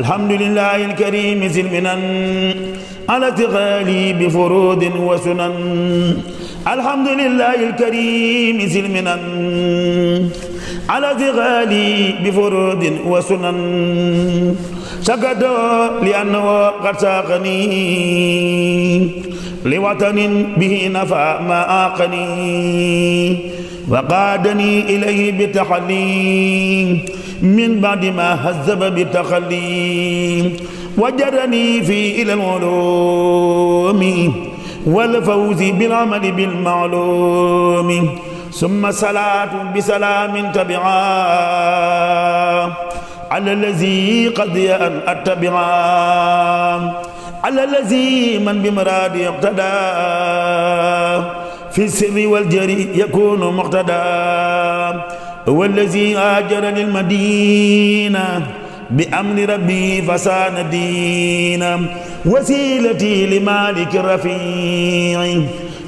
الحمد لله الكريم ذي المنن على اتغالي بفروض وسنن الحمد لله الكريم ذي المنن على اتغالي بفروض وسنن سكت لأنه قد ساقني لوطن به نفع ما آقني وقادني إليه بتخلي من بعد ما هذب بتخلي وجرني في إلى العلوم والفوز بالعمل بالمعلوم ثم صلاة بسلام تبعا على الذي قضي أن أتبعا على الذي من بمرادي اقتدى fi sirri wal jari yakunu muqtada wallazi ajarani almadina bi amri rabbi fasana dina wasilati li maliki rafii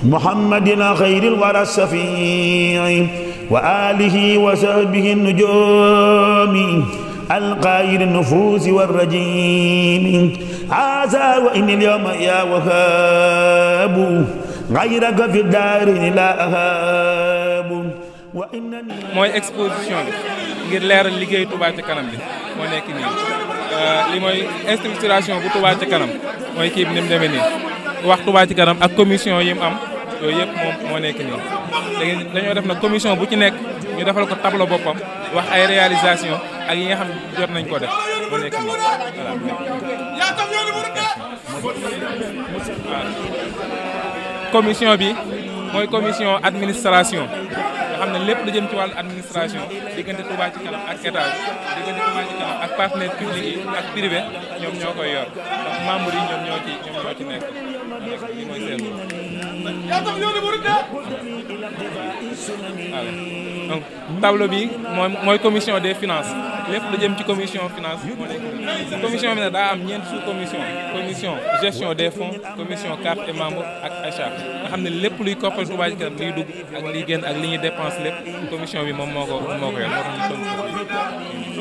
muhammadin xayril wara shafii wa alihi wa sahbihi nujumi القائل النفوس والرجيم عسى وإن اليوم يا وهاب gayraka fi daarini laa ahaabu mooy exposition bi ngir leeral liggéey Touba ca kanam bi moo nekk nii euh, li mooy structuration bu Touba ca kanam mooy kii bi ni mu demee nii wax Touba ci kanam ak commission yi mu am yooyu yëpp moom moo nekk nii léegi dañoo def na commission bu ci nekk ñu defal ko tableau boppam wax ay réalisation ak yi nga xam jot nañ ko def commission bi mooy commission administration nga xam ne lépp lu jëm ci wàllu administration diggante Touba ci kanam ak état bi diggante ñoo koy yor ndax yi ñoom bi mooy mooy commission des finance lépp lu jëm ci commission finance moo nekk commission bi nag daa am ñeent sous commission commission gestion des fonds commission carte et membre ak achat nga xam ne lépp luy koppal Touba Ca Kanam liy dugg ak liy génn ak li ñuy dépense lépp commission bi moom moo ko moo ko yor moo tax ñu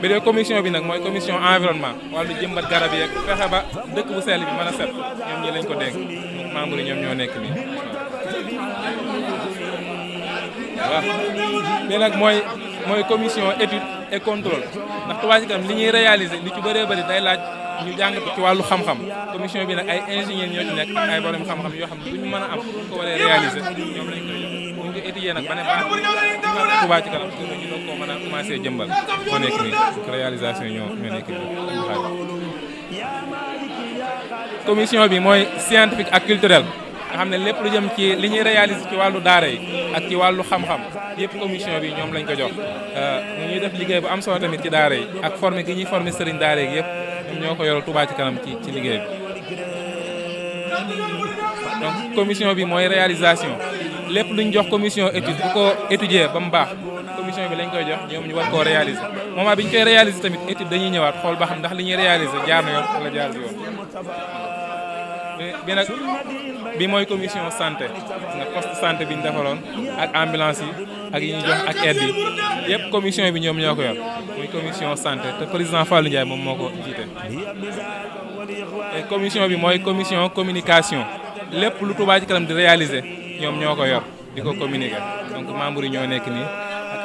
bi dee commission bi nag mooy commission environnement wàllu jëmbat garab yi ak fexe ba dëkk bu seel yi mën a set ñoom ñi lañ ko dénk membre yi ñoom ñoo nekk nii waaw bi nag mooy mooy commission étude et contrôle ndax Touba Ca Kanam li ñuy réaliser li ci bëree bëri day laaj ñu jàng ci wàllu xam-xam commission bi nag ay ingénieur ñoo ci nekk ak ay borom xam-xam yoo xam ne bu ñu mën a am ko waree réaliser ñoom lañ koy jox bu ñu ko étudier nag ba ne baax mën a commencé jëmbal moo nekk réalisation ñoo ñoo nekk nii commission bi mooy scientifique ak culturel nga xam ne lépp lu jëm ci li ñuy réaliser ci wàllu daara yi ak ci wàllu xam-xam yëpp commission bi ñoom lañ ko jox ñu euh, ñuy def liggéey bu am solo tamit ci daara yi ak former gi ñuy former sëriñ daara yëpp ñoo ko yoral Touba ci kanam ci ci liggéey bi donc commission bi mooy réalisation lépp luñ jox commission étude bu ko étudier ba mu baax commission bi lañ koy jox ñoom ñu war koo réaliser moment bi ñu koy réaliser tamit étude dañuy ñëwaat xool ba xam ndax li ñuy réaliser jaar na yoon wala jaar yoon Eh, bi nag bi mooy commission sante nga poste santé bi ñu defaloon ak ambulance yi ak yi ñu ak aide yi yëpp commission bi ñoom ñoo ko yor muy commission santé te président Fallou Ndiaye moom moo ko jiite. Eh, commission bi mooy commission communication lépp lu Touba ci di réaliser ñoom ñoo ko yor di ko communiquer donc membres yi ñoo nekk nii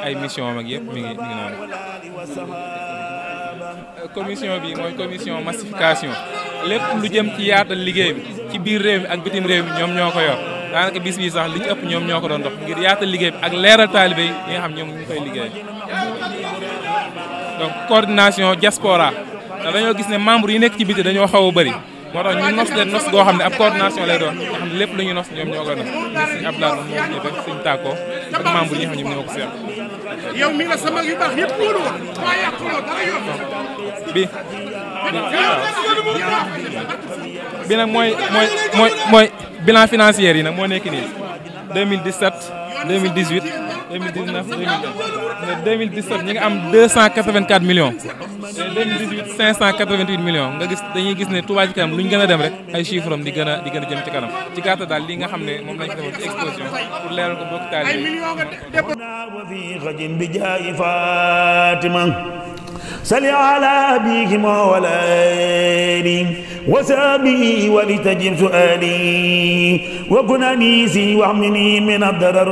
ay mission am ak yëpp ngi noonu. commission bi mooy commission massification lépp lu jëm ci yaatal liggéey bi ci biir réew mi ak bitim réew mi ñoom ñoo ko yor daanaka bis bi sax li ci ëpp ñoom ñoo ko doon dox ngir yaatal liggéey bi ak leeral taalibe yi nga xam ñoom ñu ngi koy liggéey donc coordination diaspora ndax dañoo gis ne membre yi nekk ci biti dañoo xaw a bëri moo tax ñu nos leen nos goo xam ne ab coordination lay doon lépp lu ñu nos ñoom ñoo koy nos ak membre yi nga xam ko seq. yow mi la sama yu baax bi bi nag mooy mooy mooy mooy bilan financier yi nag moo nekk nii 2017 2018 2019 2017 ñi nga am 284 millions te 2018 588 millions nga gis dañuy gis ne Touba ci kanam lu ñu gën a dem rek ay chiffres am di gën a di gën a jëm ci kanam ci gàttal daal li nga xam ne moom lañ ko defoon ci exposition pour leeral ko bokk taal bi. صل على أبيهما والآله وسابي ولتجب سؤالي وكن أنيسي واحمني من الضرر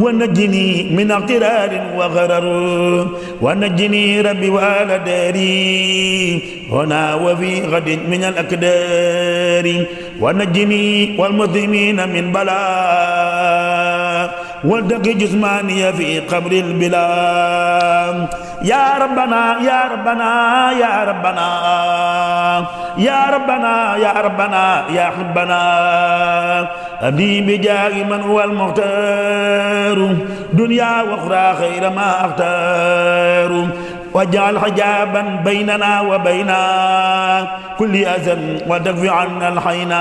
ونجني من اغترار وغرر ونجني ربي وآل داري هنا وفي غد من الأكدار ونجني والمسلمين من بلاء والدق جسماني في قبر البلاد يا ربنا يا ربنا يا ربنا يا ربنا يا ربنا يا حبنا أبدي بجاه من هو المختار دنيا وأخرى خير ما أختار واجعل حجابا بيننا وبين كل أذى وتكفي عنا الحينا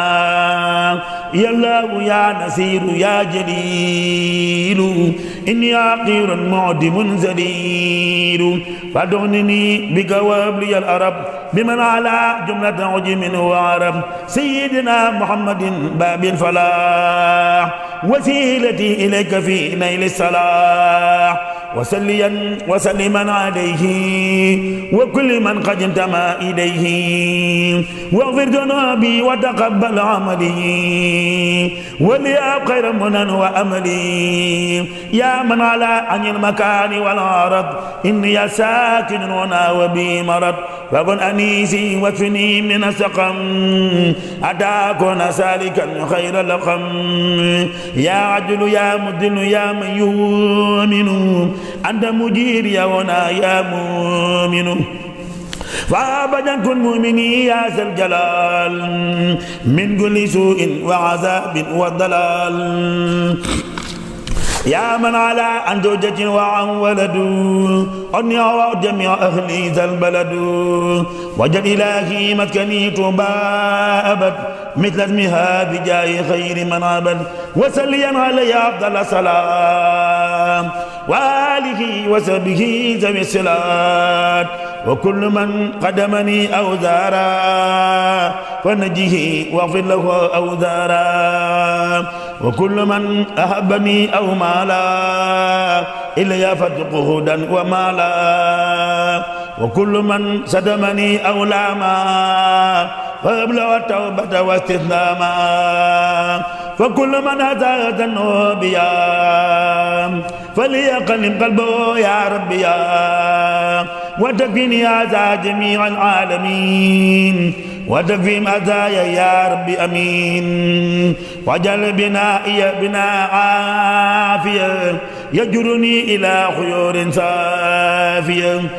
يا الله يا نسير يا جليل إني عقير معدم زليل فدغنني بك وابلي الأرب بمن على جملة عجم وعرب سيدنا محمد باب الفلاح وسيلتي إليك في نيل الصلاح وسليا وسلما عليه وكل من قد انتمى إليه واغفر ذنوبي وتقبل عملي وليأب خير منن وأملي يا من على عن المكان والعرض إني ساكن هنا وبي مرض فكن أنيسي واشفني من السقم أتاكن سالكا خير لقم يا عدل يا مدل يا من يؤمن أنت مجير يونا يا مؤمن فابدا كن مؤمني يا ذا الجلال من كل سوء وعذاب وضلال يا من على عن زوجة وعن ولد أن يرى جميع أهل ذا البلد وجد إلهي مكني طوبى أبد مثل اسمها بجاه خير من عبد وسليا علي أفضل سلام وآله وصحبه ذوي الصلات وكل من قدمني أوزارا فنجه واغفر له أوزارا وكل من أحبني أو مالا إلا يفتق هدى ومالا وكل من صدمني أو لاما فابلغ التوبة واستسلاما فكل من هزا ذنوبيا فليقلب قلبه يا ربي وتكفني أذى جميع العالمين وتكفي مزايا يا رب امين وجل بنائي بناء عافيه يجرني الى خيور صافيه